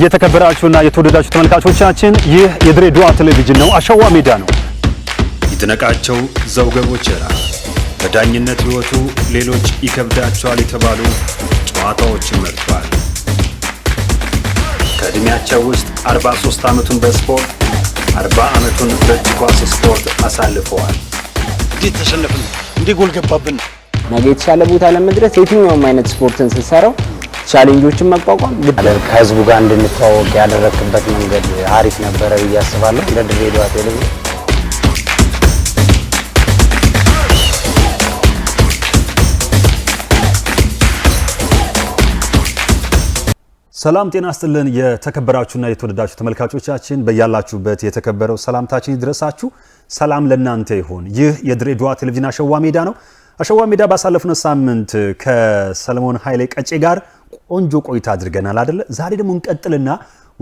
የተከበራችሁና የተወደዳችሁ ተመልካቾቻችን ይህ የድሬዳዋ ቴሌቪዥን ነው። አሸዋ ሜዳ ነው። ይድነቃቸው ራ በዳኝነት ሕይወቱ ሌሎች ይከብዳቸዋል የተባሉ ጨዋታዎችን መርቷል። ከዕድሜያቸው ውስጥ 43 ዓመቱን በስፖርት 40 ዓመቱን በእጅ ኳስ ስፖርት አሳልፈዋል። እንዴት ተሸነፍን? እንዴ ጎል ገባብን? ነገ የተሻለ ቦታ ለመድረስ የትኛውም አይነት ስፖርትን ስንሰራው ቻሌንጆችን መቋቋም ከህዝቡ ጋር እንድንተዋወቅ ያደረክበት መንገድ አሪፍ ነበረ ብዬ አስባለሁ። እንደ ድሬዳዋ ቴሌቪዥን ሰላም ጤና ስጥልን። የተከበራችሁና የተወደዳችሁ ተመልካቾቻችን በያላችሁበት የተከበረው ሰላምታችን ይድረሳችሁ። ሰላም ለእናንተ ይሁን። ይህ የድሬዳዋ ቴሌቪዥን አሸዋ ሜዳ ነው። አሸዋ ሜዳ ባሳለፍነው ሳምንት ከሰለሞን ኃይሌ ቀጬ ጋር ቆንጆ ቆይታ አድርገናል አደለ? ዛሬ ደግሞ እንቀጥልና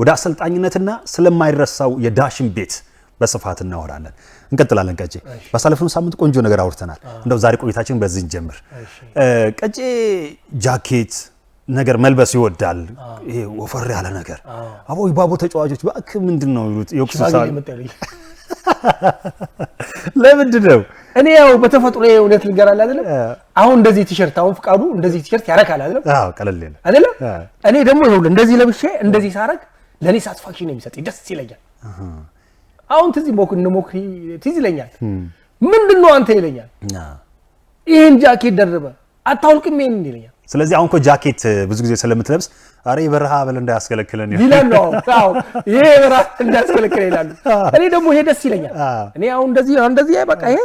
ወደ አሰልጣኝነትና ስለማይረሳው የዳሽን ቤት በስፋት እናወራለን። እንቀጥላለን። ቀጬ ባሳለፍነው ሳምንት ቆንጆ ነገር አውርተናል። እንደው ዛሬ ቆይታችን በዚህ እንጀምር። ቀጬ ጃኬት ነገር መልበስ ይወዳል። ይሄ ወፈር ያለ ነገር አቦ ባቦ ተጫዋቾች በአክ ምንድን ነው ይሉት ለምንድን ነው እኔ ያው በተፈጥሮ እውነት ልገራል አይደለም። አሁን እንደዚህ ቲሸርት አሁን ፍቃዱ እንደዚህ ቲሸርት ያረካል አይደለም። አዎ ቀለል ይላል አይደለም። እኔ ደግሞ ይኸውልህ እንደዚህ ለብሼ እንደዚህ ሳረግ ለኔ ሳትስፋክሽን ነው የሚሰጥ፣ ደስ ይለኛል። አሁን ትዝ ሞክ ሞክ ትዝ ይለኛል። ምንድን ነው አንተ ይለኛል። ይሄን ጃኬት ደርበ አታውልቅም ይሄን ይለኛል። ስለዚህ አሁን እኮ ጃኬት ብዙ ጊዜ ስለምትለብስ አረ የበረሃ በል እንዳያስከለክለን ይላል ነው። አዎ ይሄ የበረሃ እንዳያስከለክለን ይላሉ። እኔ ደግሞ ይሄ ደስ ይለኛል። እኔ አሁን እንደዚህ እንደዚህ በቃ ይሄ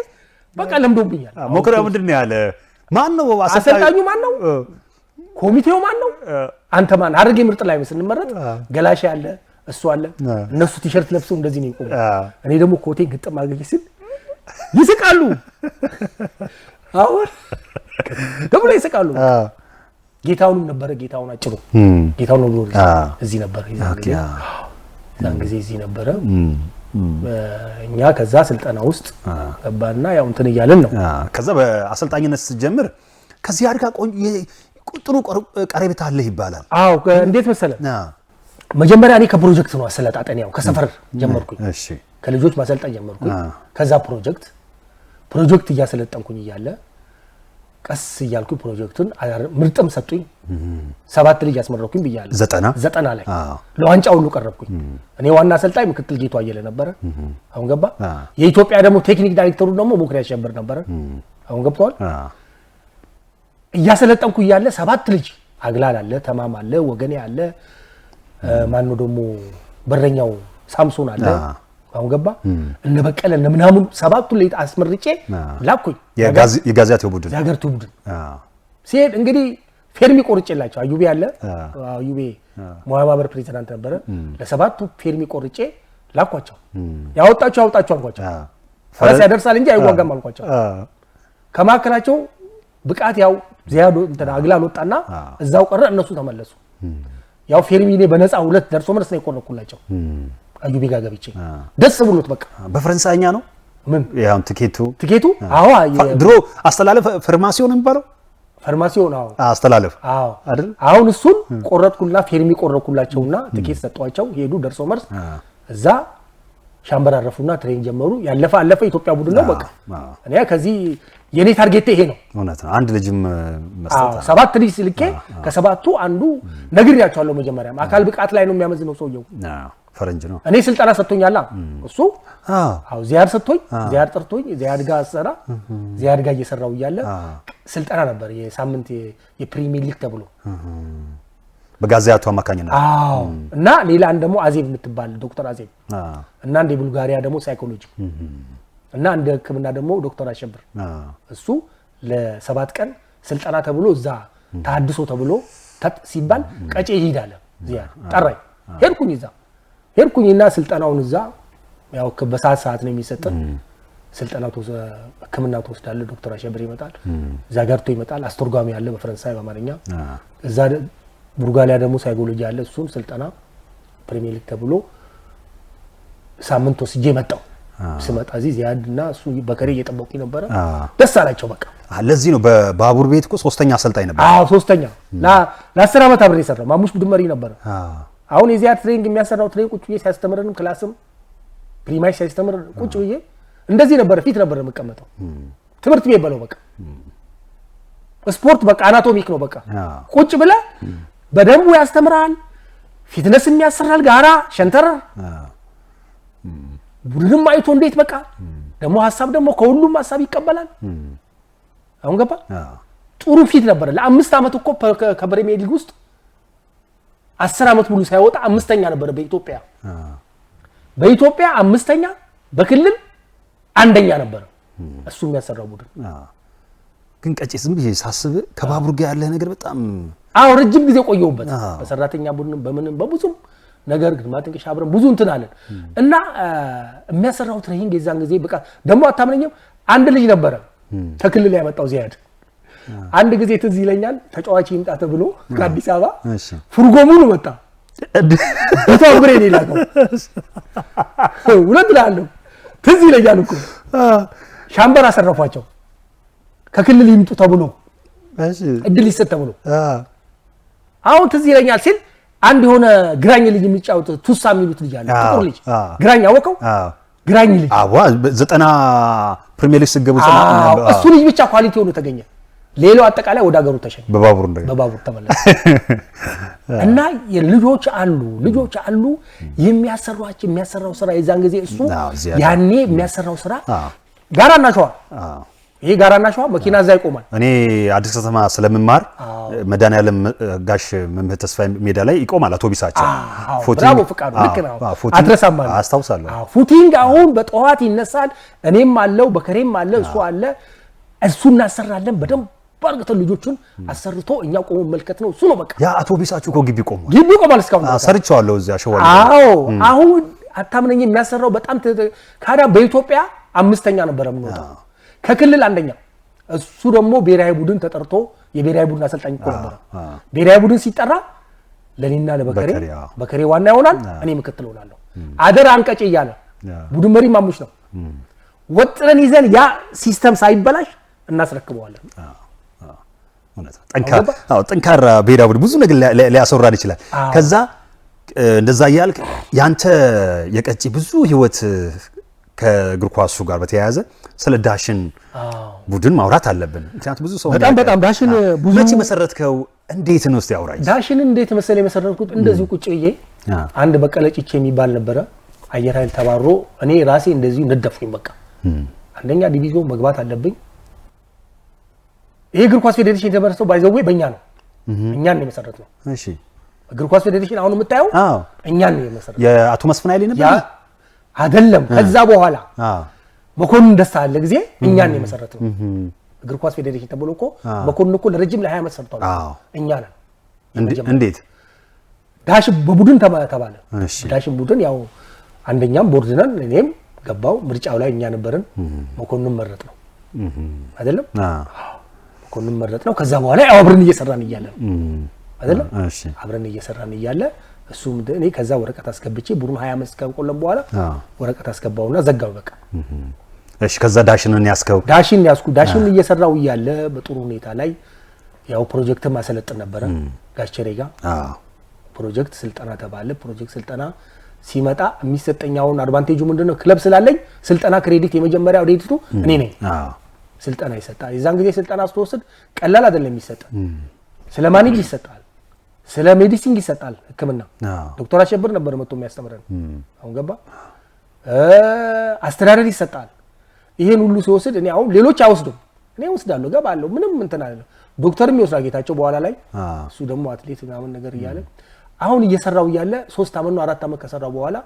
በቃ ለምዶብኛል። ሞክረ ምንድን ነው ያለ? ማን ነው አሰልጣኙ? ማን ነው ኮሚቴው? ማን ነው አንተ? ማን ሐረግ ምርጥ ላይ ስንመረጥ ገላሽ ያለ እሱ አለ። እነሱ ቲሸርት ለብሰው እንደዚህ ነው ይቆሙ። እኔ ደግሞ ኮቴን ግጥም አድርጌ ስል ይስቃሉ። አሁን ደግሞ ላይ ይስቃሉ። ጌታውንም ነበረ ጌታውን አጭሩ ጌታውን ነው እዚህ ነበረ ዛን ጊዜ እዚህ ነበረ እኛ ከዛ ስልጠና ውስጥ ገባና ያው እንትን እያልን ነው። ከዛ በአሰልጣኝነት ስጀምር ከዚህ አድጋ ጥሩ ቀረቤታ አለ ይባላል። አዎ እንዴት መሰለ፣ መጀመሪያ እኔ ከፕሮጀክት ነው አሰለጣጠን፣ ያው ከሰፈር ጀመርኩኝ፣ ከልጆች ማሰልጠን ጀመርኩኝ። ከዛ ፕሮጀክት ፕሮጀክት እያሰለጠንኩኝ እያለ ቀስ እያልኩ ፕሮጀክቱን ምርጥም ሰጡኝ። ሰባት ልጅ ያስመረኩኝ ብያለሁ። ዘጠና ዘጠና ላይ ለዋንጫ ሁሉ ቀረብኩኝ። እኔ ዋና አሰልጣኝ ምክትል ጌቱ አየለ ነበረ፣ አሁን ገባ። የኢትዮጵያ ደግሞ ቴክኒክ ዳይሬክተሩ ደግሞ ሞክሪ ያሸብር ነበረ፣ አሁን ገብተዋል። እያሰለጠንኩ እያለ ሰባት ልጅ አግላል አለ፣ ተማም አለ፣ ወገኔ አለ፣ ማነው ደግሞ በረኛው ሳምሶን አለ አሁን ገባ እነ በቀለ እነ ምናምን ሰባቱ ለይት አስመርጬ ላኩኝ። የጋዜያቴው ቡድን የሀገሪቱ ቡድን ሲሄድ እንግዲህ ፌርሚ ቆርጬላቸው አዩቤ አለ አዩቤ ሙያ ማህበር ፕሬዚዳንት ነበረ። ለሰባቱ ፌርሚ ቆርጬ ላኳቸው። ያወጣችሁ ያወጣችሁ አልኳቸው። ፈረስ ያደርሳል እንጂ አይዋጋም አልኳቸው። ከመካከላቸው ብቃት ያው ዚያዶ እንትን አግላል ወጣና እዛው ቀረ። እነሱ ተመለሱ። ያው ፌርሚ እኔ በነፃ ሁለት ደርሶ መልስ ነው የቆረኩላቸው። አዩቤ ጋር ገብቼ ደስ ብሎት በቃ በፈረንሳይኛ ነው ምን ያው ትኬቱ ትኬቱ አዎ ድሮ አስተላለፍ ፈርማሲዮን የሚባለው ፈርማሲዮን አዎ አስተላለፍ አዎ አይደል አሁን እሱን ቆረጥኩላ ፌርሚ ቆረጥኩላቸውና ትኬት ሰጧቸው ሄዱ ደርሶ መርስ እዛ ሻምበር አረፉና ትሬን ጀመሩ ያለፈ አለፈ ኢትዮጵያ ቡድን ነው በቃ እኔ ከዚህ የኔ ታርጌት ይሄ ነው እውነት ነው አንድ ልጅም መስጠት ሰባት ልጅ ልኬ ከሰባቱ አንዱ ነግሬያቸዋለሁ መጀመሪያም አካል ብቃት ላይ ነው የሚያመዝነው ሰውየው ፈረንጅ ነው። እኔ ስልጠና ሰጥቶኛላ እሱ ዚያድ ሰጥቶኝ ዚያድ ጠርቶኝ ዚያድ ጋር አሰራ ዚያድ ጋር እየሰራው እያለ ስልጠና ነበር የሳምንት የፕሪሚየር ሊግ ተብሎ በጋዜያቱ አማካኝነት እና ሌላ አንድ ደግሞ አዜብ የምትባል ዶክተር አዜብ እና እንደ ቡልጋሪያ ደግሞ ሳይኮሎጂ እና እንደ ሕክምና ደግሞ ዶክተር አሸብር እሱ ለሰባት ቀን ስልጠና ተብሎ እዛ ተሀድሶ ተብሎ ሲባል ቀጬ ይሄዳለ ዚያድ ጠራኝ። ሄድኩኝ እዛ ሄድኩኝና ስልጠናውን እዛ ያው በሰዓት ሰዓት ነው የሚሰጥን ስልጠና ህክምና ትወስዳለህ። ዶክተር አሸብር ይመጣል፣ እዛ ገርቶ ይመጣል። አስተርጓሚ ያለ በፈረንሳይ በአማርኛ፣ እዛ ቡርጋሊያ ደግሞ ሳይኮሎጂ ያለ እሱም ስልጠና ፕሪሚየር ሊግ ተብሎ ሳምንት ወስጄ መጣው። ስመጣ እዚህ ዚያድ እና እሱ በከሬ እየጠበቁ ነበረ። ደስ አላቸው። በቃ ለዚህ ነው በባቡር ቤት እኮ ሶስተኛ አሰልጣኝ ነበር። ሶስተኛ ለአስር ዓመት አብሬ የሰራ ማሙሽ ቡድን መሪ ነበረ። አሁን የዚያ ትሬኒንግ የሚያሰራው ትሬን ቁጭ ብዬ ሲያስተምርንም ክላስም ፕሪማሽ ሲያስተምር ቁጭ ብዬ እንደዚህ ነበረ። ፊት ነበር የምቀመጠው ትምህርት ቤት በለው በቃ ስፖርት በቃ አናቶሚክ ነው በቃ ቁጭ ብለ በደንቡ ያስተምራል። ፊትነስ የሚያሰራል ጋራ ሸንተረር ቡድንም አይቶ እንዴት በቃ ደግሞ ሀሳብ ደግሞ ከሁሉም ሀሳብ ይቀበላል። አሁን ገባ ጥሩ ፊት ነበረ። ለአምስት ዓመት እኮ ከፕሪሚየር ሊግ ውስጥ አስር ዓመት ሙሉ ሳይወጣ አምስተኛ ነበረ በኢትዮጵያ በኢትዮጵያ አምስተኛ በክልል አንደኛ ነበረ። እሱ የሚያሰራው ቡድን ግን ቀጭ ዝም ብዬ ሳስብ ከባቡር ጋር ያለ ነገር በጣም አዎ፣ ረጅም ጊዜ ቆየውበት በሰራተኛ ቡድንም በምንም በብዙም ነገር ግድማ ጥንቅሻ አብረን ብዙ እንትን አለን እና የሚያሰራው ትሬኒንግ የዛን ጊዜ በቃ ደግሞ አታምነኝም። አንድ ልጅ ነበረ ተክልል ያመጣው ዚያድ አንድ ጊዜ ትዝ ይለኛል ተጫዋች ይምጣ ተብሎ ከአዲስ አበባ ፉርጎ ሙሉ መጣ። ቦታው ነው ይላቀው ሁለት ላለሁ ትዝ ይለኛል እኮ ሻምበር አሰረፏቸው። ከክልል ይምጡ ተብሎ እድል ይሰጥ ተብሎ አሁን ትዝ ይለኛል ሲል አንድ የሆነ ግራኝ ልጅ የሚጫወት ቱሳ የሚሉት ልጅ አለ። ጥቁር ልጅ ግራኝ አወቀው ግራኝ ልጅ ዘጠና ፕሪሚየር ሊግ ስገቡ እሱ ልጅ ብቻ ኳሊቲ ሆኖ ተገኘ። ሌላው አጠቃላይ ወደ ሀገሩ ተሸኘ፣ በባቡር በባቡር ተመለሰ እና ልጆች አሉ ልጆች አሉ የሚያሰሯቸው የሚያሰራው ስራ የዛን ጊዜ እሱ ያኔ የሚያሰራው ስራ ጋራ እና ሸዋ ይሄ ጋራና ሸዋ መኪና እዛ ይቆማል። እኔ አዲስ ከተማ ስለምማር መድኃኒዓለም ጋሽ መምህር ተስፋ ሜዳ ላይ ይቆማል አውቶቡሳቸው። ፉቲንግ ፍቃዱ ልክ ነው አትረሳም አስታውሳለሁ። ፉቲንግ አሁን በጠዋት ይነሳል። እኔም አለው በከሬም አለ እሱ አለ እሱ እናሰራለን በደንብ አርግተን ልጆቹን አሰርቶ እኛ ቆሞ መልከት ነው። እሱ ነው በቃ። ያ አውቶቡሳችሁ እኮ ግቢ ቆሟል፣ ግቢ ቆሟል። እስካሁን ሰርቼዋለሁ እዚያ ሸዋ። አዎ አሁን አታምነኝ፣ የሚያሰራው በጣም ካዳ። በኢትዮጵያ አምስተኛ ነበረ የምንወጣው ከክልል አንደኛ። እሱ ደግሞ ብሔራዊ ቡድን ተጠርቶ የብሔራዊ ቡድን አሰልጣኝ እኮ ነበረ። ብሔራዊ ቡድን ሲጠራ ለእኔና ለበከሬ በከሬ ዋና ይሆናል፣ እኔ ምክትል ሆናለሁ። አደር አንቀጭ እያለ ቡድን መሪ ማሙሽ ነው። ወጥረን ይዘን ያ ሲስተም ሳይበላሽ እናስረክበዋለን። ጠንካራ ብሔራዊ ቡድን ብዙ ነገር ሊያስወራድ ይችላል። ከዛ እንደዛ እያልክ ያንተ የቀጭ ብዙ ህይወት ከእግር ኳሱ ጋር በተያያዘ ስለ ዳሽን ቡድን ማውራት አለብን። ምክንያቱም ብዙ ሰው በጣም በጣም ዳሽን ብዙ መቼ መሰረትከው? እንዴት ነው እስቲ ዳሽን እንዴት መሰለ የመሰረትኩት እንደዚሁ ቁጭ ብዬ አንድ በቀለ ጭቼ የሚባል ነበረ አየር ኃይል ተባሮ እኔ ራሴ እንደዚሁ ነደፍኩኝ። በቃ አንደኛ ዲቪዚዮን መግባት አለብኝ ይሄ እግር ኳስ ፌዴሬሽን የተመረተው ባይዘዌ በእኛ ነው። እኛን ነው የመሰረት ነው። እሺ እግር ኳስ ፌዴሬሽን አሁን የምታየው እኛን ነው የመሰረት። የአቶ መስፍን ኃይሌ ነበር አይደለም። ከዛ በኋላ መኮንን ደስታ አለ ጊዜ እኛን ነው የመሰረት ነው። እግር ኳስ ፌዴሬሽን ተብሎ እኮ መኮንን እኮ ለረጅም ለ20 ዓመት ሰርቷል። እኛ ነን። እንዴት ዳሽን በቡድን ተባለ። ዳሽን ቡድን ያው አንደኛም ቦርድ ነን፣ እኔም ገባው። ምርጫው ላይ እኛ ነበርን። መኮንን መረጥ ነው አይደለም ዲያቆን መረጥ ነው። ከዛ በኋላ ያው አብረን እየሰራን እያለ ነው አይደለም አብረን እየሰራን እያለ እሱም እኔ ከዛ ወረቀት አስገብቼ ቡሩን ሀያ ቀን ቆለም በኋላ ወረቀት አስገባውና ዘጋው በቃ። እሺ ከዛ ዳሽንን ያስከው ዳሽን ያስኩ ዳሽን እየሰራው እያለ በጥሩ ሁኔታ ላይ ያው ፕሮጀክት ማሰለጥን ነበረ ጋቸሬ ጋር ፕሮጀክት ስልጠና ተባለ። ፕሮጀክት ስልጠና ሲመጣ የሚሰጠኝ አድቫንቴጁ ምንድነው? ክለብ ስላለኝ ስልጠና ክሬዲት የመጀመሪያ ክሬዲቱ እኔ ነኝ። አዎ ስልጠና ይሰጣል። የዛን ጊዜ ስልጠና ስትወስድ ቀላል አይደለም የሚሰጠ ስለ ማኔጅ ይሰጣል፣ ስለ ሜዲሲን ይሰጣል። ህክምና ዶክተር አሸብር ነበር መቶ የሚያስተምረን አሁን ገባ። አስተዳደር ይሰጣል። ይሄን ሁሉ ሲወስድ እኔ አሁን ሌሎች አይወስዱም፣ እኔ ወስዳለሁ፣ ገባለሁ፣ ምንም እንትን አለ ዶክተርም ይወስዳል ጌታቸው በኋላ ላይ እሱ ደግሞ አትሌት ምናምን ነገር እያለ አሁን እየሰራው እያለ ሶስት አመት ነው አራት አመት ከሰራው በኋላ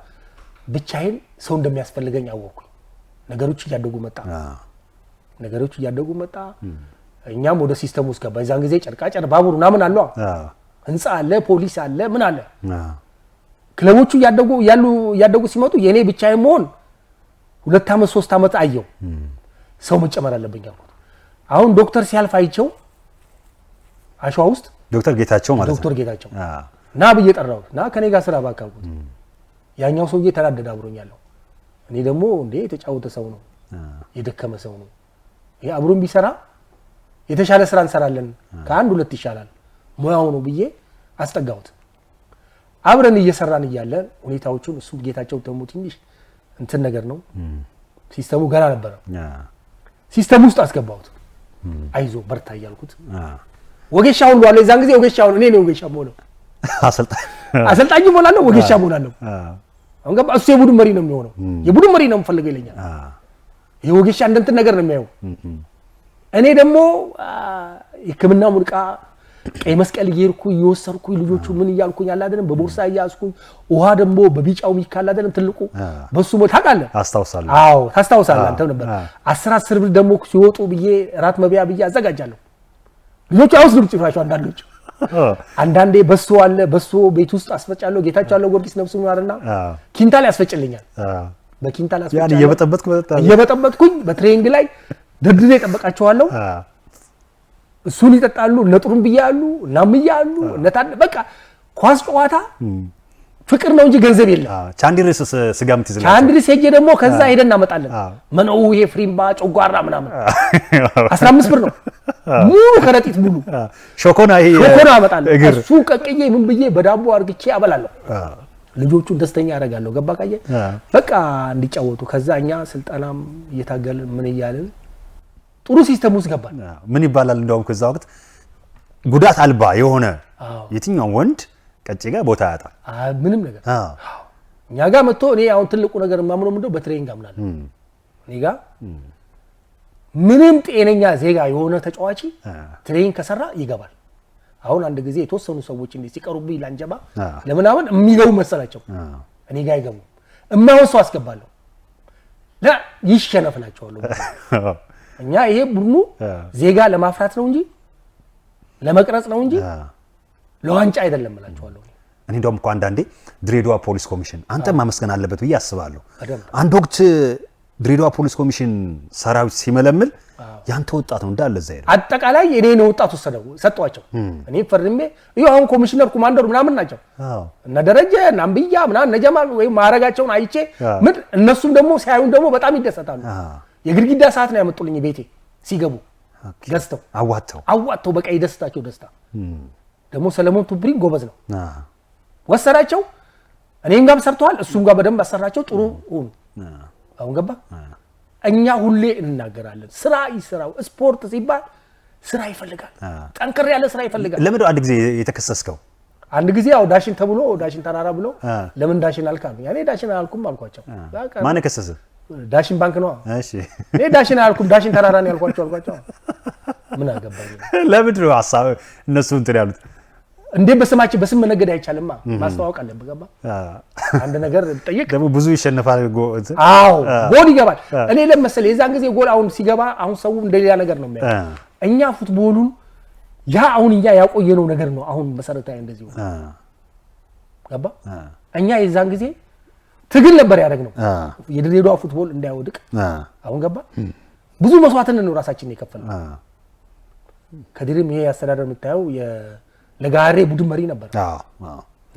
ብቻዬን ሰው እንደሚያስፈልገኝ አወቅኩኝ። ነገሮች እያደጉ መጣ። ነገሮች እያደጉ መጣ። እኛም ወደ ሲስተም ውስጥ ገባ። የዛን ጊዜ ጨርቃጨር ባቡር ምናምን አለ፣ ህንፃ አለ፣ ፖሊስ አለ፣ ምን አለ። ክለቦቹ እያደጉ ሲመጡ የእኔ ብቻ መሆን ሁለት ዓመት ሶስት ዓመት አየው። ሰው መጨመር አለብኝ አልኩት። አሁን ዶክተር ሲያልፍ አይቸው አሸዋ ውስጥ ዶክተር ጌታቸው ማለት ዶክተር ጌታቸው ና ብዬ ጠራሁት። ና ከኔ ጋር ስራ እባክህ አልኩት። ያኛው ሰውዬ ተናደደ አብሮኛለሁ። እኔ ደግሞ እንዴ የተጫወተ ሰው ነው የደከመ ሰው ነው ይሄ አብሮን ቢሰራ የተሻለ ስራ እንሰራለን፣ ከአንድ ሁለት ይሻላል ሙያው ነው ብዬ አስጠጋሁት። አብረን እየሰራን እያለ ሁኔታዎቹን እሱ ጌታቸው ተሙ ትንሽ እንትን ነገር ነው ሲስተሙ ገና ነበረ። ሲስተም ውስጥ አስገባሁት። አይዞ በርታ እያልኩት ወጌሻ ሁሉ አለ። የዛን ጊዜ ወጌሻ ሁሉ እኔ ነው ወጌሻ መሆነው፣ አሰልጣኝ ሆናለሁ፣ ወጌሻ መሆናለሁ። አሁን ገባ። እሱ የቡድን መሪ ነው የሚሆነው፣ የቡድን መሪ ነው የምፈልገው ይለኛል። የወጌሻ እንደንትን ነገር ነው የሚያየው። እኔ ደግሞ ሕክምና ሙልቃ ቀይ መስቀል እየሄድኩ እየወሰድኩኝ ልጆቹ ምን እያልኩኝ አላደለም፣ በቦርሳ እያያዝኩኝ ውሃ ደግሞ በቢጫው ሚካ አላደለም ትልቁ በሱ ሞ ታውቃለህ፣ አስታውሳለሁ። አዎ ታስታውሳለህ አንተም ነበር። አስር አስር ብር ደግሞ ሲወጡ ብዬ ራት መብያ ብዬ አዘጋጃለሁ። ልጆቹ አይወስዱም ጭፍራቸው አንዳንዶች አንዳንዴ በሶ አለ፣ በሶ ቤት ውስጥ አስፈጫለሁ። ጌታቸው አለ ጊዮርጊስ ነፍሱን ይማርና ኪንታል ያስፈጭልኛል። በኪንታል አስፈጫለሁ። እየበጠበጥኩ እየበጠበጥኩኝ በትሬንግ ላይ ደርድሬ የጠበቃቸዋለሁ። እሱን ይጠጣሉ። እነ ጥሩም ብያሉ እናም ብያሉ እነታን በቃ ኳስ ጨዋታ ፍቅር ነው እንጂ ገንዘብ የለም። ቻንዲርስ ስጋ ምትይዝላ ቻንዲርስ ሄጄ ደግሞ ከዛ ሄደን እናመጣለን። መነው ይሄ ፍሪምባ ጮጓራ ምናምን 15 ብር ነው ሙሉ ከረጢት ሙሉ ሾኮና ይሄ ሾኮና አመጣለሁ። እሱ ቀቅዬ ምን ብዬ በዳቦ አርግቼ አበላለሁ። ልጆቹን ደስተኛ ያደርጋለሁ። ገባ ካየ በቃ እንዲጫወቱ ከዛ እኛ ስልጠናም እየታገልን ምን እያልን ጥሩ ሲስተም ውስጥ ገባል። ምን ይባላል እንደውም ከዛ ወቅት ጉዳት አልባ የሆነ የትኛውም ወንድ ቀጭ ጋር ቦታ ያጣል። ምንም ነገር እኛ ጋር መጥቶ እኔ አሁን ትልቁ ነገር የማምነው ምንድነው በትሬኒንግ አምናለሁ። እኔ ጋ ምንም ጤነኛ ዜጋ የሆነ ተጫዋች ትሬኒንግ ከሰራ ይገባል። አሁን አንድ ጊዜ የተወሰኑ ሰዎች እንዴት ሲቀሩብኝ ላንጀባ ለምናምን የሚገቡ መሰላቸው እኔ ጋር አይገቡም። እማይሆን ሰው አስገባለሁ ይሸነፍ ናቸዋለሁ። እኛ ይሄ ቡድኑ ዜጋ ለማፍራት ነው እንጂ ለመቅረጽ ነው እንጂ ለዋንጫ አይደለም እላቸዋለሁ። እኔ እንደውም እኮ አንዳንዴ ድሬዳዋ ፖሊስ ኮሚሽን አንተ ማመስገን አለበት ብዬ አስባለሁ። አንድ ወቅት ድሬዳዋ ፖሊስ ኮሚሽን ሰራዊት ሲመለምል ያንተ ወጣት ነው እንዳለ እዛ አጠቃላይ እኔ ነው ወጣት ወሰደው ሰጠዋቸው። እኔ ፈርሜ እዩ አሁን ኮሚሽነር ኮማንደሩ ምናምን ናቸው እነ ደረጀ እና አንብያ ምናምን እነ ጀማል ወይም ማዕረጋቸውን አይቼ ምን እነሱም ደግሞ ሲያዩን ደግሞ በጣም ይደሰታሉ። የግድግዳ ሰዓት ነው ያመጡልኝ ቤቴ ሲገቡ ገዝተው አዋተው አዋጥተው በቃ የደስታቸው ደስታ። ደግሞ ሰለሞን ቱብሪ ጎበዝ ነው ወሰዳቸው። እኔም ጋም ሰርተዋል፣ እሱም ጋር በደንብ አሰራቸው። ጥሩ ሆኑ። አሁን ገባ እኛ ሁሌ እንናገራለን። ስራ ይስራው። ስፖርት ሲባል ስራ ይፈልጋል፣ ጠንከር ያለ ስራ ይፈልጋል። ለምን አንድ ጊዜ የተከሰስከው? አንድ ጊዜ ያው ዳሽን ተብሎ ዳሽን ተራራ ብሎ ለምን ዳሽን አልካሉ? ያኔ ዳሽን አላልኩም አልኳቸው። ማን ከሰሰ? ዳሽን ባንክ ነው። እሺ እኔ ዳሽን አላልኩም ዳሽን ተራራ ነው ያልኳቸው አልኳቸው። ምን አገባኝ። ለምንድን ነው ሀሳብ እነሱ እንትን ያሉት እንዴት በስማችን በስም መነገድ አይቻልማ። ማስተዋወቅ አለብህ። ገባ አንድ ነገር ጠይቅ። ደግሞ ብዙ ይሸነፋል። አዎ ጎል ይገባል። እኔ ለመሰለ የዛን ጊዜ ጎል አሁን ሲገባ አሁን ሰው እንደሌላ ነገር ነው የሚያውቀው። እኛ ፉትቦሉን ያ አሁን እኛ ያቆየነው ነገር ነው። አሁን መሰረታዊ እንደዚህ ገባ እኛ የዛን ጊዜ ትግል ነበር ያደረግነው የድሬዳዋ ፉትቦል እንዳይወድቅ። አሁን ገባ ብዙ መስዋዕትን ነው ራሳችን የከፈልነው ከድሬም ይሄ አስተዳደር የምታየው ለጋሬ ቡድን መሪ ነበር።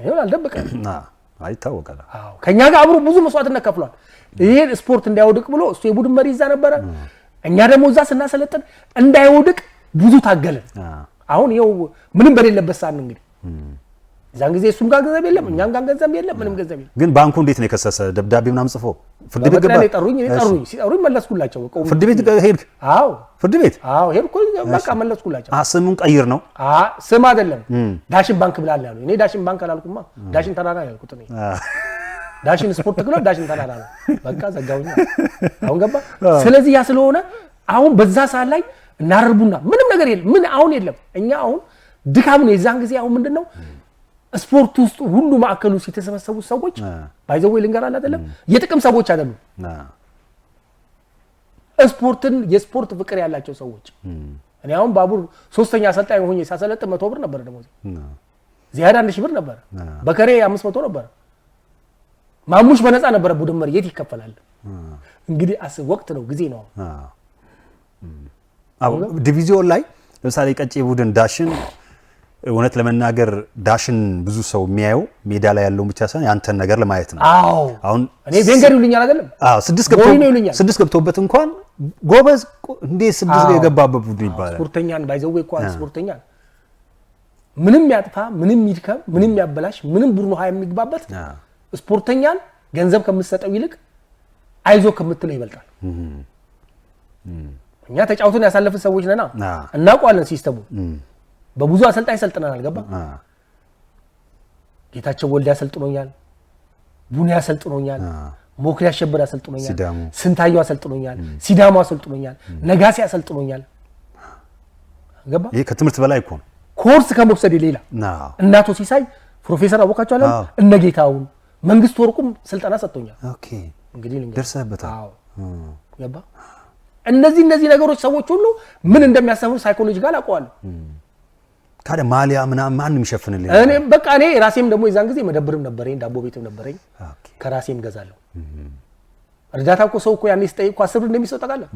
ይሁን አልደበቀም፣ ይታወቃል። ከእኛ ጋር አብሮ ብዙ መስዋዕትነት ከፍሏል። ይሄን ስፖርት እንዳይወድቅ ብሎ እሱ የቡድን መሪ እዛ ነበረ። እኛ ደግሞ እዛ ስናሰለጥን እንዳይወድቅ ብዙ ታገልን። አሁን ይኸው ምንም በሌለበት ሰዓት ነው እንግዲህ እዛን ጊዜ እሱም ጋር ገንዘብ የለም፣ እኛም ጋር ገንዘብ የለም፣ ምንም ገንዘብ የለም። ግን ባንኩ እንዴት ነው የከሰሰ? ደብዳቤ ምናምን ጽፎ ፍርድ ቤት ገባ። ጠሩኝ ጠሩኝ ሲጠሩኝ መለስኩላቸው። ፍርድ ቤት ሄድክ? አዎ ፍርድ ቤት አዎ ሄድኩ። በቃ መለስኩላቸው። ስሙን ቀይር ነው ስም አይደለም ዳሽን ባንክ ብላል ያሉ። እኔ ዳሽን ባንክ አላልኩማ ዳሽን ተራራ ያልኩት እኔ ዳሽን ስፖርት ክለብ ዳሽን ተራራ ነው። በቃ ዘጋውኛ። አሁን ገባ። ስለዚህ ያ ስለሆነ አሁን በዛ ሰዓት ላይ እናርቡና ምንም ነገር የለም። ምን አሁን የለም። እኛ አሁን ድካም ነው የዛን ጊዜ አሁን ምንድን ነው ስፖርት ውስጥ ሁሉ ማዕከል ውስጥ የተሰበሰቡ ሰዎች ወይ ልንገራል አይደለም የጥቅም ሰዎች አይደሉ፣ ስፖርትን የስፖርት ፍቅር ያላቸው ሰዎች እኔ አሁን ባቡር ሶስተኛ አሰልጣኝ ሆኜ ሳሰለጥ መቶ ብር ነበር ደሞ ዚያድ አንድ ሺህ ብር ነበር፣ በከሬ አምስት መቶ ነበር ማሙሽ በነፃ ነበረ። ቡድን መሪ የት ይከፈላል? እንግዲህ ወቅት ነው፣ ጊዜ ነው። ዲቪዚዮን ላይ ለምሳሌ ቀጭ ቡድን ዳሽን እውነት ለመናገር ዳሽን ብዙ ሰው የሚያየው ሜዳ ላይ ያለውን ብቻ ሳይሆን ያንተን ነገር ለማየት ነው። አሁን እኔ ቬንገር ይሉኛል አይደለም? አዎ ስድስት ገብቶበት እንኳን ጎበዝ እንዴ ስድስት የገባበት ቡድን ይባላል። ስፖርተኛን ባይዘው እኮ ስፖርተኛን ምንም ያጥፋ፣ ምንም ይድከም፣ ምንም ያበላሽ፣ ምንም ቡድኑ ሀያ የሚግባበት ስፖርተኛን ገንዘብ ከምትሰጠው ይልቅ አይዞ ከምትለው ይበልጣል። እኛ ተጫውተን ያሳለፍን ሰዎች ነና እናውቀዋለን ሲስተሙ በብዙ አሰልጣኝ ሰልጥነን አልገባ ጌታቸው ወልድ ያሰልጥኖኛል፣ ቡኒ ያሰልጥኖኛል፣ ሞክሪ አሸበር ያሰልጥኖኛል፣ ስንታዩ አሰልጥኖኛል፣ ሲዳሙ አሰልጥኖኛል፣ ነጋሴ ያሰልጥኖኛል። ገባ ይሄ ከትምህርት በላይ እኮ ነው። ኮርስ ከመውሰድ ሌላ እናቶ ሲሳይ ፕሮፌሰር አወቃቸው አለ እነ ጌታውን መንግስት ወርቁም ስልጠና ሰጥቶኛል። ኦኬ እንግዲህ ደርሰህበታል። ገባ እነዚህ እነዚህ ነገሮች ሰዎች ሁሉ ምን እንደሚያሰሙ ሳይኮሎጂ ጋር አውቀዋለሁ። ታዲያ ማሊያ ምናምን ማን የሚሸፍንልኝ? እኔ በቃ እኔ ራሴም ደግሞ የዛን ጊዜ መደብርም ነበረኝ ዳቦ ቤትም ነበረኝ ከራሴም ገዛለሁ። እርዳታ እኮ ሰው እኮ ያኔ ስጠይቅ አስር ብር እንደሚሰጥ ታውቃለህ?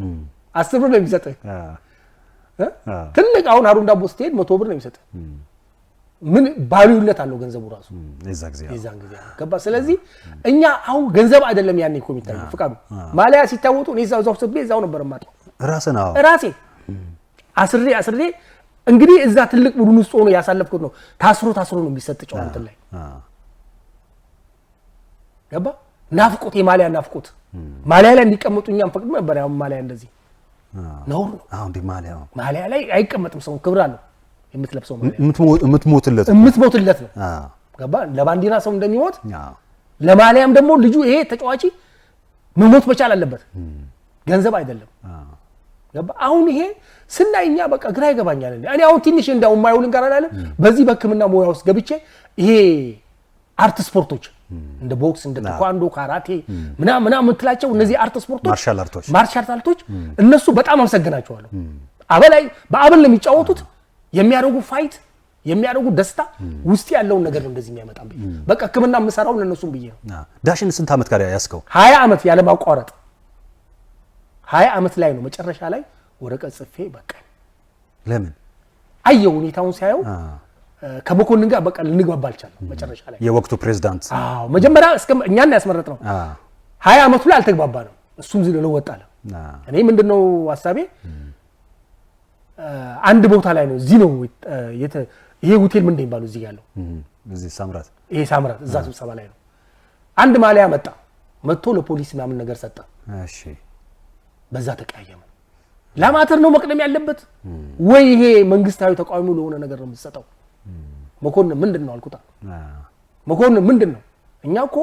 አስር ብር ነው የሚሰጥህ ትልቅ አሁን አሩን ዳቦ ስትሄድ መቶ ብር ነው የሚሰጥህ። ምን ባልዩነት አለው ገንዘቡ ራሱ የዛን ጊዜ ገባ። ስለዚህ እኛ አሁን ገንዘብ አይደለም ያኔ እኮ የሚታየው ፍቃዱ ማሊያ ሲታወጡ እኔ እዛው እዛው እዛው ነበር ማጣው ራሴ አስሬ አስሬ እንግዲህ እዛ ትልቅ ቡድን ውስጥ ሆኖ ያሳለፍኩት ነው። ታስሮ ታስሮ ነው የሚሰጥ ጨዋታ ላይ ገባ ናፍቆት፣ የማሊያ ናፍቆት ማሊያ ላይ እንዲቀመጡ እኛም ፈቅድ ነበር። ያው ማሊያ እንደዚህ ነውር ነው። አሁን ማሊያ ማሊያ ላይ አይቀመጥም ሰው ክብር አለው። የምትለብሰው ማሊያ የምትሞትለት የምትሞትለት ነው። ገባ ለባንዲራ ሰው እንደሚሞት ለማሊያም ደግሞ ልጁ ይሄ ተጫዋች መሞት መቻል አለበት። ገንዘብ አይደለም አሁን ይሄ ስናይ እኛ በቃ ግራ ይገባኛል። እንደ እኔ አሁን ትንሽ እንዳው የማየው ጋር አላለም። በዚህ በህክምና ሙያ ውስጥ ገብቼ ይሄ አርት ስፖርቶች እንደ ቦክስ፣ እንደ ተኳንዶ ካራቴ ምና ምና የምትላቸው እነዚህ አርት ስፖርቶች ማርሻል አርቶች እነሱ በጣም አመሰግናቸዋለሁ። አበላይ በአበል ነው የሚጫወቱት የሚያደርጉ ፋይት የሚያደርጉ ደስታ ውስጥ ያለውን ነገር ነው እንደዚህ የሚያመጣ ብዬ በቃ ህክምና የምሰራው ለእነሱም ብዬ ነው። ዳሽን ስንት ዓመት ጋር ያስከው? ሀያ ዓመት ያለማቋረጥ ሀያ ዓመት ላይ ነው መጨረሻ ላይ ወረቀት ጽፌ በቃ ለምን አየው ሁኔታውን ሳየው ከመኮንን ጋር በቃ ልንግባባ አልቻለም። መጨረሻ ላይ የወቅቱ ፕሬዝዳንት አዎ፣ መጀመሪያ እስከ እኛን ያስመረጥ ነው ሀያ አመቱ ላይ አልተግባባ ነው። እሱም ዝለው ወጣለ። እኔ ምንድነው ሀሳቤ አንድ ቦታ ላይ ነው። እዚህ ነው ይሄ ሆቴል ምን እንደሚባለው እዚህ ያለው እዚህ ሳምራት፣ ይሄ ሳምራት እዛ ስብሰባ ላይ ነው። አንድ ማሊያ መጣ መጥቶ ለፖሊስ ምናምን ነገር ሰጠ። እሺ፣ በዛ ተቀያየመ። ለማተር ነው መቅደም ያለበት ወይ ይሄ መንግስታዊ ተቃውሞ ለሆነ ነገር ነው የምትሰጠው? መኮንን ምንድን ነው አልኩታ። መኮንን ምንድን ነው? እኛ እኮ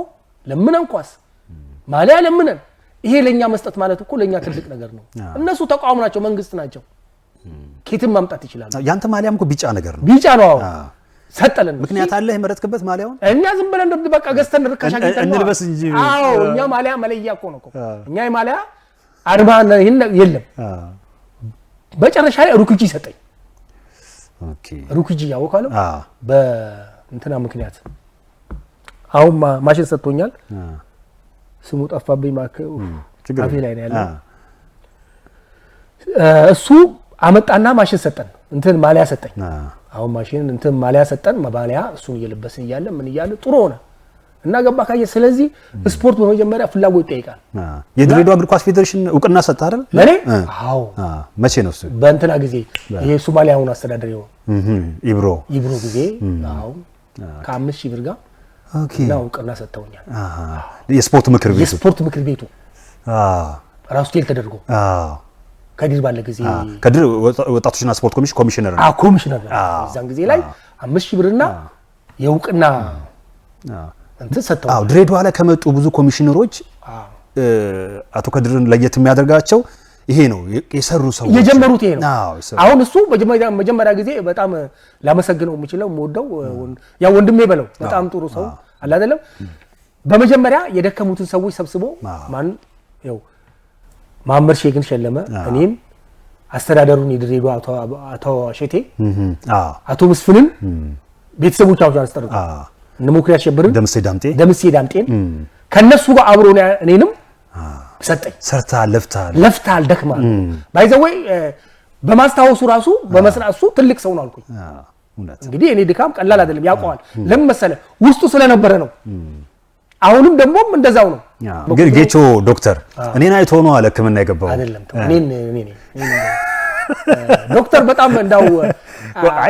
ለምነን ኳስ ማሊያ ለምነን ይሄ ለእኛ መስጠት ማለት እኮ ለእኛ ትልቅ ነገር ነው። እነሱ ተቃውሞ ናቸው፣ መንግስት ናቸው። ኬትም ማምጣት ይችላሉ። ያንተ ማሊያም እኮ ቢጫ ነገር ነው፣ ቢጫ ነው። አዎ ሰጠለን። ምክንያት አለ የመረጥክበት ማሊያውን እኛ ዝም ብለን ደብ በቃ ገዝተን ርካሽ እንልበስ እንጂ አዎ እኛ ማሊያ መለያ እኮ ነው እኮ እኛ የማሊያ አርማ የለም በጨረሻ ላይ ሩክጂ ሰጠኝ። ሩክጂ ያወቃለሁ በእንትና ምክንያት አሁን ማሽን ሰጥቶኛል። ስሙ ጠፋብኝ። ማከ አፌ ላይ ነው ያለው። እሱ አመጣና ማሽን ሰጠን፣ እንትን ማሊያ ሰጠኝ። አሁን ማሽን እንትን ማሊያ ሰጠን። ማሊያ እሱን እየለበስን እያለ ምን እያለ ጥሩ ሆነ። እና ገባ ካየ። ስለዚህ ስፖርት በመጀመሪያ ፍላጎት ይጠይቃል። የድሬዳዋ እግር ኳስ ፌዴሬሽን እውቅና ሰጠ አይደል? ለኔ አዎ። መቼ ነው እሱ? በእንትና ጊዜ ይሄ ሶማሊያ አሁን አስተዳደር ይሆን ኢብሮ ኢብሮ ጊዜ አዎ፣ ከአምስት ሺህ ብር ጋር ነው እውቅና ሰጥተውኛል። አሃ የስፖርት ምክር ቤቱ የስፖርት ምክር ቤቱ ራሱ ቴል ተደርጎ ከድር ባለ ጊዜ ከድር ወጣቶችና ስፖርት ኮሚሽን ኮሚሽነር ነው ኮሚሽነር ነው። እዛን ጊዜ ላይ አምስት ሺህ ብርና የእውቅና እንትን ድሬዳዋ ላይ ከመጡ ብዙ ኮሚሽነሮች አቶ ከድርን ለየት የሚያደርጋቸው ይሄ ነው። የሰሩ ሰው የጀመሩት ይሄ ነው። አሁን እሱ መጀመሪያ ጊዜ በጣም ላመሰግነው የምችለው የምወደው ያው ወንድሜ በለው በጣም ጥሩ ሰው አለ አይደለም። በመጀመሪያ የደከሙትን ሰዎች ሰብስቦ ማን ያው ማመር ሼክን ሸለመ። እኔም አስተዳደሩን የድሬዳዋ አቶ ሸቴ አቶ መስፍንን ቤተሰቦቻቸው አስጠርቷል። እነ ሞክሪ አሸብርን፣ ደምሴ ዳምጤ ደምሴ ዳምጤን ከነሱ ጋር አብሮ እኔንም ሰጠኝ። ሰርተሃል፣ ለፍተሃል፣ ለፍተሃል፣ ደክመሃል። ባይዘወይ በማስታወሱ ራሱ በመስራት እሱ ትልቅ ሰው ነው አልኩኝ። እንግዲህ እኔ ድካም ቀላል አይደለም ያውቀዋል። ለምን መሰለህ? ውስጡ ስለነበረ ነው። አሁንም ደግሞ እንደዛው ነው። ግን ጌቾ ዶክተር እኔን አይቶ ነው አለ ህክምና የገባው አይደለም። ዶክተር በጣም እንዳው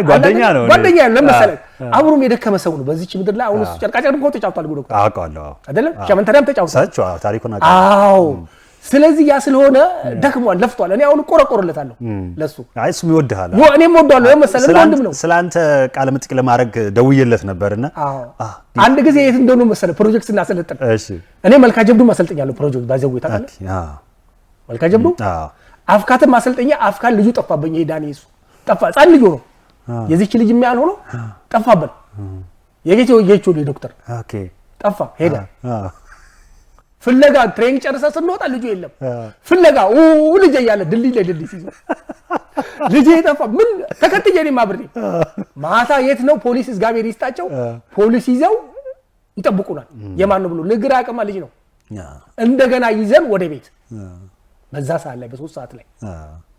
ጓደኛ ነው ጓደኛ አብሮም የደከመ ሰው ነው በዚች ምድር ላይ። አሁን እሱ ጨርቃጨርቅ እኮ ተጫውቷል ጉድ ተጫውቷል። ታሪኩን አዎ ስለዚህ ያ ስለሆነ ደክሟል፣ ለፍቷል። እኔ አሁን እቆረቆርለታለሁ ለሱ። አይ እሱም ይወድሃል፣ እኔም እወዳለሁ መሰለህ። ወንድም ነው። ስለ አንተ ቃለ ምጥቅ ለማድረግ ደውዬለት ነበርና አንድ ጊዜ የት እንደሆነ መሰለህ ፕሮጀክት ስናሰለጥን፣ እኔ መልካ ጀብዱ አሰልጥኛለሁ ፕሮጀክት ባዘው ይታቃለ መልካ ጀብዱ አፍካትም አሰልጥኛ አፍካት ልጁ ጠፋብኝ። ይሄ ዳኒ እሱ ጠፋ። ህጻን ልጅ ሆኖ የዚች ልጅ የሚያህል ሆኖ ጠፋብን። የጌቴ ወየች ዶክተር ጠፋ ሄደ። ፍለጋ ትሬን ጨርሰ ስንወጣ ልጁ የለም። ፍለጋ ልጅ እያለ ድልድይ ላይ ሲዞ ልጅ የጠፋ ምን ተከትዬ እኔም አብሬ ማታ የት ነው ፖሊስ እግዚአብሔር ይስጣቸው ፖሊስ ይዘው ይጠብቁናል። የማን ነው ብሎ ንግር አቅማ ልጅ ነው። እንደገና ይዘን ወደ ቤት በዛ ሰዓት ላይ በሶስት ሰዓት ላይ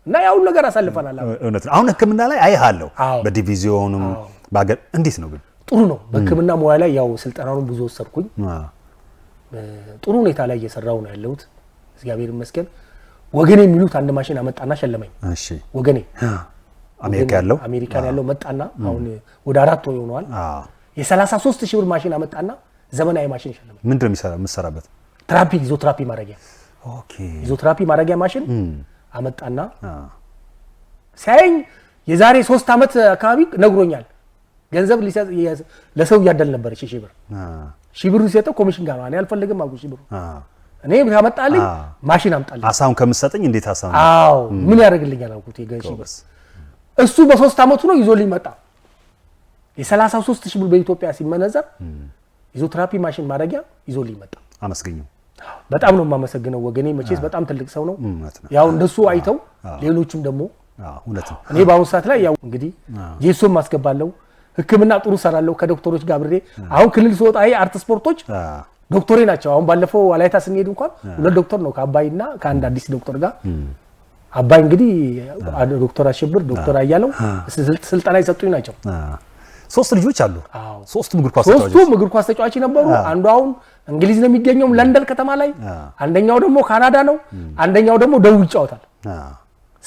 እና ያሁን ነገር አሳልፈናል። እውነት አሁን ህክምና ላይ አይሃለሁ በዲቪዚዮኑም በአገር እንዴት ነው ግን ጥሩ ነው። በህክምና ሙያ ላይ ያው ስልጠናውን ብዙ ወሰድኩኝ። ጥሩ ሁኔታ ላይ እየሰራው ነው ያለሁት እግዚአብሔር ይመስገን። ወገኔ የሚሉት አንድ ማሽን አመጣና ሸለመኝ። ወገኔ አሜሪካ ያለው አሜሪካ ያለው መጣና አሁን ወደ አራት ወር ይሆነዋል። የሰላሳ ሶስት ሺህ ብር ማሽን አመጣና ዘመናዊ ማሽን ሸለመኝ። ምንድን ነው የምሰራበት? ትራፒ ኢዞትራፒ ማድረጊያ ኢዞትራፒ ማድረጊያ ማሽን አመጣና ሲያየኝ የዛሬ ሶስት ዓመት አካባቢ ነግሮኛል። ገንዘብ ለሰው እያደል ነበር ሺ ብር ሺ ብሩ ሲሰጠው ኮሚሽን ጋር ነው አልፈልግም አልኩ። ሺ ብሩ እኔ ታመጣልኝ ማሽን አምጣልኝ አሳውን ከምሰጠኝ እንዴት አሳ አዎ ምን ያደርግልኛል አልኩት። የገሺ ብር እሱ በሶስት ዓመቱ ነው ይዞልኝ መጣ። የ33 ሺ ብር በኢትዮጵያ ሲመነዘር ይዞ ትራፒ ማሽን ማድረጊያ ይዞልኝ መጣ። አመስገኘው። በጣም ነው የማመሰግነው ወገኔ። መቼስ በጣም ትልቅ ሰው ነው። ያው እንደሱ አይተው ሌሎቹም ደግሞ እኔ በአሁኑ ሰዓት ላይ ያው እንግዲህ ጄሶም ማስገባለው ሕክምና ጥሩ ሰራለሁ ከዶክተሮች ጋር ብሬ። አሁን ክልል ሲወጣ ይሄ አርት ስፖርቶች ዶክተሬ ናቸው። አሁን ባለፈው ወላይታ ስንሄድ እንኳን ሁለት ዶክተር ነው ከአባይና ከአንድ አዲስ ዶክተር ጋር አባይ እንግዲህ ዶክተር አሸብር ዶክተር አያለው ስልጠና የሰጡኝ ናቸው። ሶስት ልጆች አሉ። ሶስቱም እግር ኳስ ተጫዋቾች ሶስቱም እግር ኳስ ተጫዋች ነበሩ። አንዱ አሁን እንግሊዝ ነው የሚገኘው ለንደን ከተማ ላይ፣ አንደኛው ደግሞ ካናዳ ነው፣ አንደኛው ደግሞ ደቡብ ይጫወታል።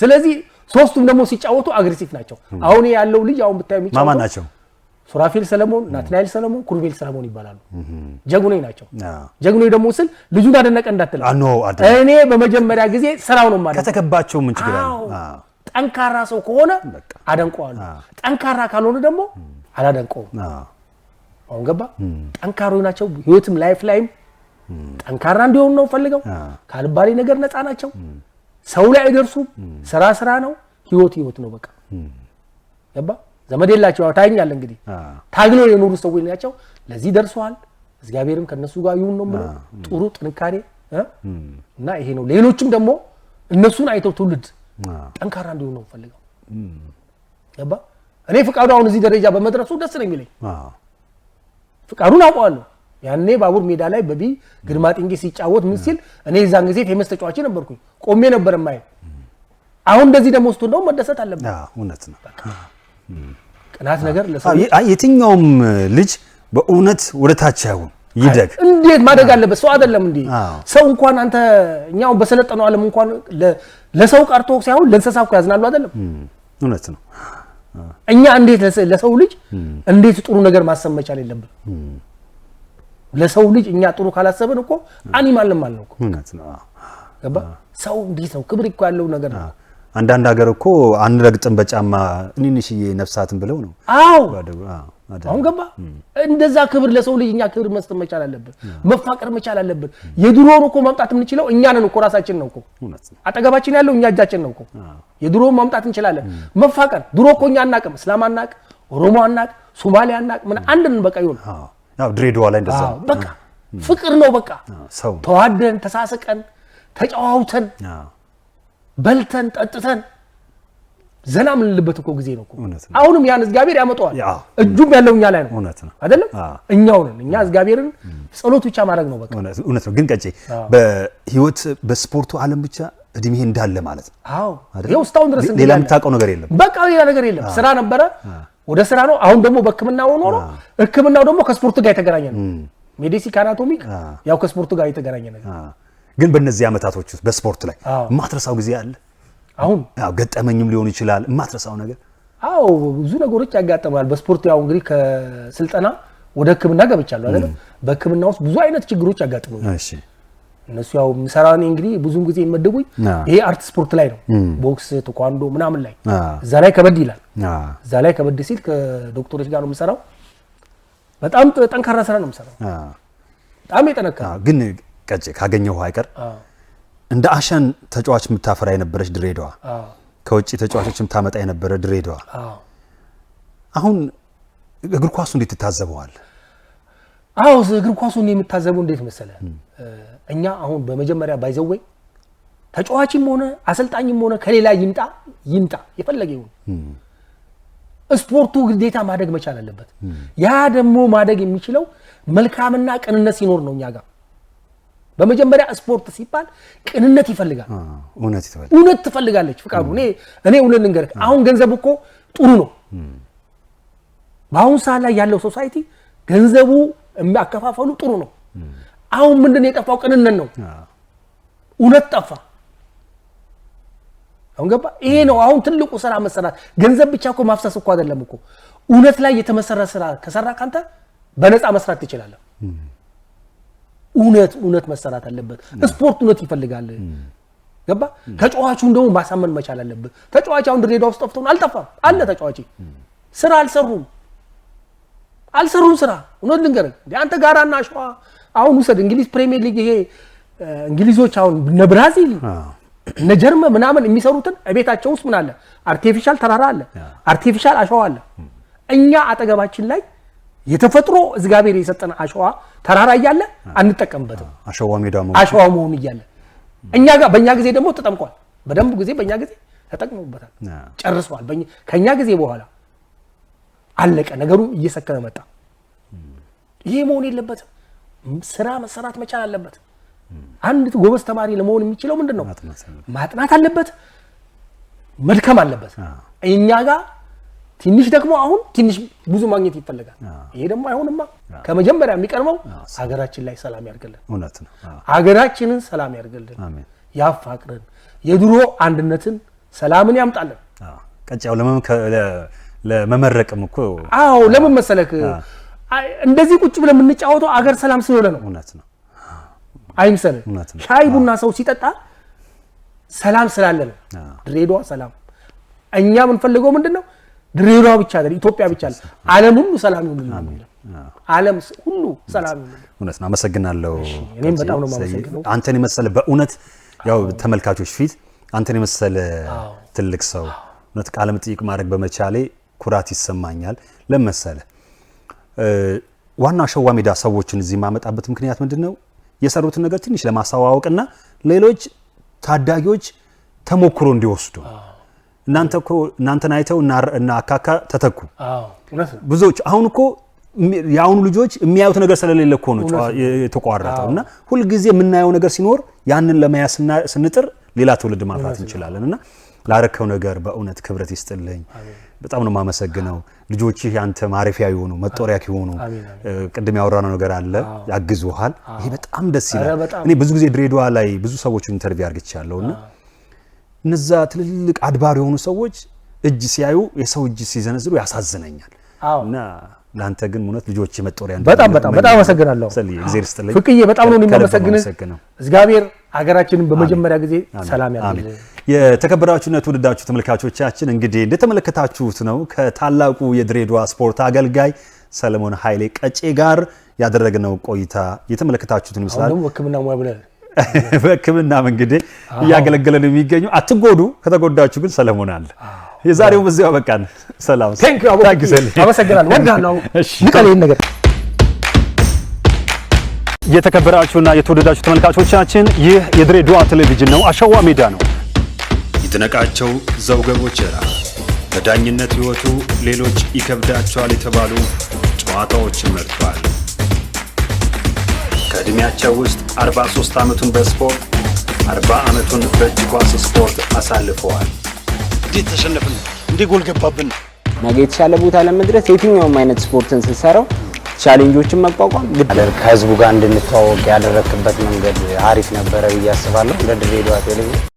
ስለዚህ ሶስቱም ደግሞ ሲጫወቱ አግሬሲቭ ናቸው። አሁን ያለው ልጅ አሁን ብታዩ የሚጫወቱ ማማን ናቸው። ሱራፌል ሰለሞን፣ ናትናኤል ሰለሞን፣ ኩርቤል ሰለሞን ይባላሉ። ጀግኖች ናቸው። ጀግኖች ደግሞ ስል ልጁን አደነቀ እንዳትል፣ እኔ በመጀመሪያ ጊዜ ስራው ነው ማለት ከተከባቸው ምን ችግር አለ? ጠንካራ ሰው ከሆነ አደንቀዋለሁ። ጠንካራ ካልሆነ ደግሞ አላደንቀውም። አሁን ገባ። ጠንካሮች ናቸው። ህይወትም ላይፍ ላይም ጠንካራ እንዲሆኑ ነው ፈልገው። ካልባሌ ነገር ነፃ ናቸው። ሰው ላይ አይደርሱም። ስራ ስራ ነው። ህይወት ህይወት ነው። በቃ ገባ። ዘመድ የላቸው። ያው እንግዲህ ታግሎ የኖሩ ሰዎች ናቸው። ለዚህ ደርሰዋል። እግዚአብሔርም ከእነሱ ጋር ይሁን ነው ጥሩ ጥንካሬ እና ይሄ ነው። ሌሎችም ደግሞ እነሱን አይተው ትውልድ ጠንካራ እንዲሆኑ ነው ፈልገው ገባ እኔ ፍቃዱ አሁን እዚህ ደረጃ በመድረሱ ደስ ነው የሚለኝ። ፍቃዱን አውቀዋለሁ። ያኔ ባቡር ሜዳ ላይ በቢ ግርማ ጥንጌ ሲጫወት ምን ሲል እኔ የዛን ጊዜ ፌመስ ተጫዋች ነበርኩኝ፣ ቆሜ ነበር ማየ። አሁን እንደዚህ ደግሞ ስቱ እንደውም መደሰት አለበት። እውነት ነው። ቅናት ነገር የትኛውም ልጅ በእውነት ወደ ታች አይሆን ይደግ እንዴት ማደግ አለበት። ሰው አይደለም እንዴ ሰው እንኳን አንተ እኛው በሰለጠነው ዓለም እንኳን ለሰው ቀርቶ ሳይሆን ለእንስሳ እኮ ያዝናሉ አይደለም። እውነት ነው። እኛ እንዴት ለሰው ልጅ እንዴት ጥሩ ነገር ማሰብ መቻል የለብን? ለሰው ልጅ እኛ ጥሩ ካላሰብን እኮ አኒማልም አለው እኮ ሰው እንዲህ ሰው ክብር እኮ ያለው ነገር ነው። አንዳንድ ሀገር እኮ አንረግጥም በጫማ ትንንሽዬ ነፍሳትን ብለው ነው። አዎ አሁን ገባ። እንደዛ ክብር ለሰው ልጅ እኛ ክብር መስጠት መቻል አለብን፣ መፋቀር መቻል አለብን። የድሮውን እኮ ማምጣት የምንችለው እኛ ነን እኮ ራሳችን ነው እኮ አጠገባችን ያለው እኛ እጃችን ነው እኮ። የድሮውን ማምጣት እንችላለን፣ መፋቀር። ድሮ እኮ እኛ አናቅም፣ እስላም አናቅ፣ ኦሮሞ አናቅ፣ ሶማሌ አናቅ፣ ምን አንድን በቃ ይሆን ድሬዳዋ ላይ እንደዛ በቃ ፍቅር ነው በቃ ተዋደን፣ ተሳስቀን፣ ተጨዋውተን፣ በልተን ጠጥተን ዘና የምንልበት እኮ ጊዜ ነው። አሁንም ያን እግዚአብሔር ያመጣዋል። እጁም ያለው እኛ ላይ ነው አይደለም፣ እኛው ነን። እኛ እግዚአብሔርን ጸሎት ብቻ ማድረግ ነው በቃ። እውነት ነው። ግን ቀጭ በህይወት በስፖርቱ አለም ብቻ እድሜ እንዳለ ማለት ነው። አዎ ይኸው እስካሁን ድረስ ሌላ የምታውቀው ነገር የለም። በቃ ሌላ ነገር የለም። ስራ ነበረ፣ ወደ ስራ ነው። አሁን ደግሞ በህክምና ሆኖ ነው። ህክምናው ደግሞ ከስፖርት ጋር የተገናኘ ነው። ሜዲሲክ አናቶሚክ ያው ከስፖርቱ ጋር የተገናኘ ነገር። ግን በእነዚህ ዓመታቶች ውስጥ በስፖርት ላይ ማትረሳው ጊዜ አለ አሁን ገጠመኝም ሊሆን ይችላል የማትረሳው ነገር? አዎ ብዙ ነገሮች ያጋጠማል በስፖርት ያው እንግዲህ ከስልጠና ወደ ሕክምና ገብቻለሁ አይደል? በሕክምና ውስጥ ብዙ አይነት ችግሮች እሺ እነሱ ያው የምሰራ እኔ እንግዲህ ብዙውን ጊዜ ይመደቡኝ ይሄ አርት ስፖርት ላይ ነው፣ ቦክስ፣ ቴኳንዶ ምናምን ላይ እዛ ላይ ከበድ ይላል። እዛ ላይ ከበድ ሲል ከዶክተሮች ጋር ነው የምሰራው። በጣም ጠንካራ ስራ ነው የምሰራው፣ በጣም የጠነከረ ግን ቀጭ ካገኘሁ አይቀር እንደ አሻን ተጫዋች የምታፈራ የነበረች ድሬዳዋ፣ ከውጭ ተጫዋቾች የምታመጣ የነበረ ድሬዳዋ አሁን እግር ኳሱ እንዴት ትታዘበዋል? አዎ እግር ኳሱ እኔ የምታዘበው እንዴት መሰለ፣ እኛ አሁን በመጀመሪያ ባይዘወይ ተጫዋችም ሆነ አሰልጣኝም ሆነ ከሌላ ይምጣ ይምጣ የፈለገ ይሁን ስፖርቱ ግዴታ ማደግ መቻል አለበት። ያ ደግሞ ማደግ የሚችለው መልካምና ቅንነት ሲኖር ነው እኛ ጋር በመጀመሪያ ስፖርት ሲባል ቅንነት ይፈልጋል። እውነት ትፈልጋለች ፍቃዱ። እኔ እኔ እውነት ልንገርህ፣ አሁን ገንዘብ እኮ ጥሩ ነው። በአሁኑ ሰዓት ላይ ያለው ሶሳይቲ ገንዘቡ የሚያከፋፈሉ ጥሩ ነው። አሁን ምንድን ነው የጠፋው? ቅንነት ነው። እውነት ጠፋ። አሁን ገባ። ይሄ ነው አሁን ትልቁ ስራ መሰራት። ገንዘብ ብቻ እኮ ማፍሰስ እኮ አይደለም እኮ እውነት ላይ የተመሰረ ስራ ከሰራ ካንተ በነፃ መስራት ትችላለህ። እውነት እውነት መሰራት አለበት። ስፖርት እውነት ይፈልጋል። ገባ ተጫዋቹ እንደውም ማሳመን መቻል አለበት ተጫዋች አሁን ድሬዳዋ ውስጥ ጠፍቶ አልጠፋም አለ ተጫዋች ስራ አልሰሩም አልሰሩም ስራ እውነት ልንገርህ አንተ ጋራና አሸዋ አሁን ውሰድ እንግሊዝ ፕሪሚየር ሊግ ይሄ እንግሊዞች አሁን እነ ብራዚል እነ ጀርመን ምናምን የሚሰሩትን ቤታቸው ውስጥ ምን አለ አርቲፊሻል ተራራ አለ አርቲፊሻል አሸዋ አለ እኛ አጠገባችን ላይ የተፈጥሮ እግዚአብሔር የሰጠን አሸዋ ተራራ እያለ አንጠቀምበትም። አሸዋ መሆን እያለ እኛ ጋር በእኛ ጊዜ ደግሞ ተጠምቋል። በደንብ ጊዜ በእኛ ጊዜ ተጠቅመበታል፣ ጨርሰዋል። ከእኛ ጊዜ በኋላ አለቀ ነገሩ፣ እየሰከነ መጣ። ይሄ መሆን የለበትም። ስራ መሰራት መቻል አለበት። አንድ ጎበዝ ተማሪ ለመሆን የሚችለው ምንድን ነው? ማጥናት አለበት፣ መድከም አለበት። እኛ ጋር ትንሽ ደግሞ አሁን ትንሽ ብዙ ማግኘት ይፈልጋል። ይሄ ደግሞ አይሆንማ። ከመጀመሪያ የሚቀርበው ሀገራችን ላይ ሰላም ያርግልን። እውነት ነው። ሀገራችንን ሰላም ያርግልን፣ ያፋቅርን፣ የድሮ አንድነትን፣ ሰላምን ያምጣልን። ቀጫው ለመመረቅም እኮ አዎ፣ ለምን መሰለክ እንደዚህ ቁጭ ብለን የምንጫወተው አገር ሰላም ስለሆነ ነው። እውነት ነው። አይምሰል ሻይ ቡና ሰው ሲጠጣ ሰላም ስላለ ነው። ድሬዳዋ ሰላም። እኛ የምንፈልገው ምንድን ነው? ድሬዳዋ ብቻ አይደለም፣ ኢትዮጵያ ብቻ አይደለም፣ ዓለም ሁሉ ሰላም ይሁንልን። አሜን። ዓለም ሁሉ ሰላም ይሁንልን። እውነት ነው። አመሰግናለሁ። እኔም በጣም ነው የማመሰግነው። አንተን የመሰለ በእውነት ያው ተመልካቾች ፊት አንተን የመሰለ ትልቅ ሰው እውነት ቃለ መጠይቅ ማድረግ በመቻሌ ኩራት ይሰማኛል። ለመሰለ ዋና ሸዋ ሜዳ ሰዎችን እዚህ የማመጣበት ምክንያት ምንድን ነው? የሰሩትን ነገር ትንሽ ለማስተዋወቅና ሌሎች ታዳጊዎች ተሞክሮ እንዲወስዱ እናንተ እኮ እናንተን አይተው እና አካካ ተተኩ ብዙዎች። አሁን እኮ የአሁኑ ልጆች የሚያዩት ነገር ስለሌለ እኮ ነው የተቋረጠው። እና ሁልጊዜ የምናየው ነገር ሲኖር ያንን ለመያዝ ስንጥር ሌላ ትውልድ ማፍራት እንችላለን። እና ላረከው ነገር በእውነት ክብረት ይስጥልኝ። በጣም ነው የማመሰግነው። ልጆችህ ያንተ ማረፊያ የሆኑ መጦሪያ የሆኑ ቅድም ያወራነው ነገር አለ ያግዙሃል። ይሄ በጣም ደስ ይላል። እኔ ብዙ ጊዜ ድሬዳዋ ላይ ብዙ ሰዎች ኢንተርቪው አርግቻለሁ እና እነዛ ትልልቅ አድባር የሆኑ ሰዎች እጅ ሲያዩ የሰው እጅ ሲዘነዝሩ ያሳዝነኛል እና ለአንተ ግን እውነት ልጆች የመጦሪያ በጣም በጣም በጣም አመሰግናለሁ ፍቅዬ፣ በጣም ነው የማመሰግንህ። እግዚአብሔር ሀገራችንን በመጀመሪያ ጊዜ ሰላም ያለ የተከበራችሁና የተወደዳችሁ ተመልካቾቻችን እንግዲህ እንደተመለከታችሁት ነው ከታላቁ የድሬዳዋ ስፖርት አገልጋይ ሰለሞን ኃይሌ ቀጬ ጋር ያደረግነው ቆይታ የተመለከታችሁትን ይመስላል። ሕክምና ሙያ ብለህ በሕክምናም እንግዲህ እያገለገለን የሚገኙ አትጎዱ፣ ከተጎዳችሁ ግን ሰለሞን አለ። የዛሬው በዚሁ አበቃን። ሰላም። አመሰግናለሁ። ነገር የተከበራችሁና የተወደዳችሁ ተመልካቾቻችን ይህ የድሬዳዋ ቴሌቪዥን ነው። አሸዋ ሜዳ ነው። ይድነቃቸው ራ በዳኝነት ሕይወቱ ሌሎች ይከብዳቸዋል የተባሉ ጨዋታዎችን መርቷል። በዕድሜያቸው ውስጥ 43 ዓመቱን በስፖርት 40 ዓመቱን በእጅ ኳስ ስፖርት አሳልፈዋል። እንዴት ተሸነፍን? እንዴ ጎል ገባብን? ነገ የተሻለ ቦታ ለመድረስ የትኛውም አይነት ስፖርትን ስንሰራው ቻሌንጆችን መቋቋም ግድ። ከህዝቡ ጋር እንድንተዋወቅ ያደረክበት መንገድ አሪፍ ነበረ ብዬ አስባለሁ። ለድሬዳዋ ቴሌቪዥን